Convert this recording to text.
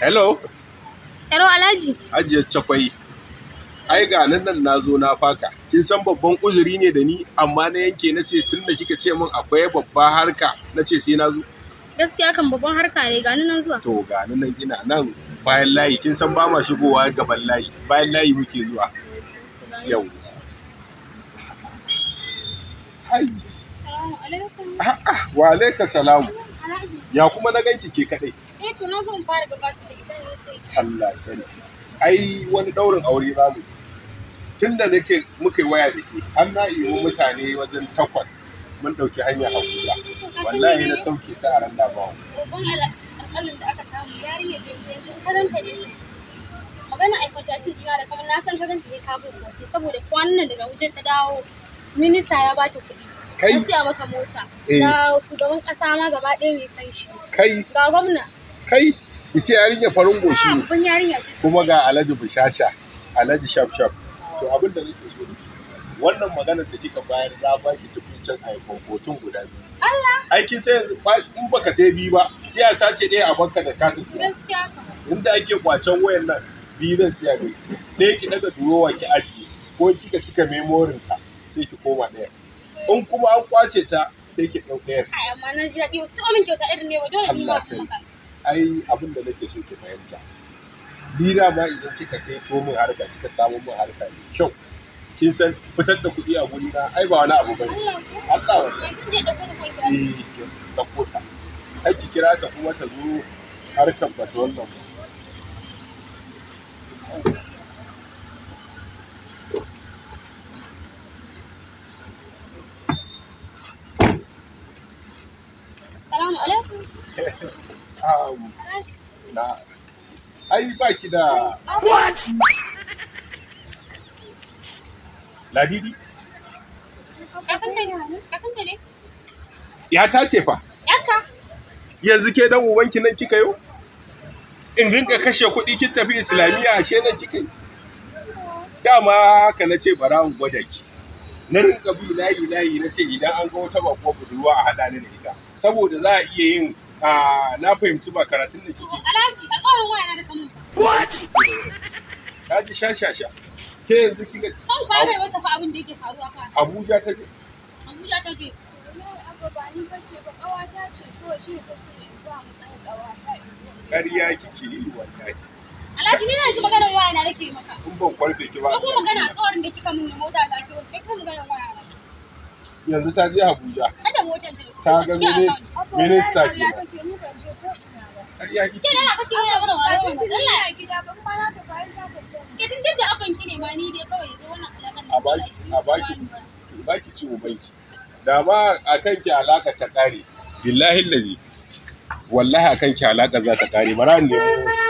Hello? Hello Alhaji. Hajiya cakwai. Ai ga nan nan na zo na faka. Kin san babban uzuri ne da ni amma na yanke na ce tunda kika ce min akwai babba harka na ce sai na zo. Gaskiya kan babban harka ne ga nan zuwa. To ga nan ina nan bayan layi kin san ba ma shigowa gaban layi bayan layi muke zuwa. Yau. Ah, ah, wa alaika salamu. Ya kuma na ganki ke kaɗai. Eh to na zo in fara gabatar da ita ne sai. Allah sani. Ai wani daurin aure ba mu. Tun da nake muka yi waya da ke, an na iyo mutane wajen takwas mun ɗauki hanyar Abuja. Eh, Wallahi na sauke su a ran da ba. Babban alƙalin da aka samu yarinyar da yanzu in karanta ne. Magana ai fatacin ina da kuma na san ta zan ta kabo saboda kwanan daga wajen ta dawo minista ya bata kuɗi. kai siya maka mota da eh. shugaban kasa ma gaba ɗaya mai kai shi kai ga gwamna kai ki ce yarinya farin goshi ne kuma ga alhaji bushasha alhaji shaf shaf to abin da nake so wannan magana da kika bayar za ba ki tukuncin kokotun guda biyu Allah aikin sai in baka sai biyu ba sai a sace ɗaya a banka da kasa sai inda ake kwacen wayan nan biyu zan siya ne ɗaya ki daga durowa ki aji, ko kika cika memorin ka sai ki koma ɗaya in kuma an kwace ta sai ki ɗau ɗaya. Ai amma na ji daɗi ba ta taɓa min kyauta irin ne ba dole ni ma su maka. ai abin da nake so ki fahimta ni da ma idan kika sai to mun harka kika samu mun harka ne kyau kin san fitar da kuɗi a guri na ai ba wani abu bane Allah wa sun je da kuɗi ko kira eh, ta ai ki kuma ta zo harkar bata wannan ba na ai ba ki da what ladidi ya ta ce fa yanka yanzu ke dan ubanki nan kika yo in rinka kashe kuɗi kin tafi islamiyya ashe nan kika yi dama ka na ce bara in gwada ki na rinka bi layi layi na ce idan an ga wata bakwa budurwa a haɗa ni da ita saboda za a iya yin na fahimci ba karatun da kike. Alhaji, a ƙawarin waya na da kamun. What? Ka ji sha sha sha. Ke yanzu kika. Kan fara yi wata fa abin da yake faruwa fa. Abuja ta je. Abuja ta je. ba ni ce ba ƙawata ce kawai shi ta ce in ba mu tsaya ƙawata. Ƙarya kike yi wallahi. Alhaji ni na ji maganar waya na nake maka. Kun ban kwarfe ki ba. Ko kuma magana ƙawarin da kika mun mota ta ke wasu kai kuma waya na. Yanzu ta je Abuja. Kada motar ta. Ta ga ne. minista ke ke da kake yi mana wato Allah ya gida ban ma ta bayan zaka sai ke din da ki ne ma ni dai kawai yanzu a baki akan ki alaka ta kare billahi lazi wallahi akan ki alaka za ta kare bara ne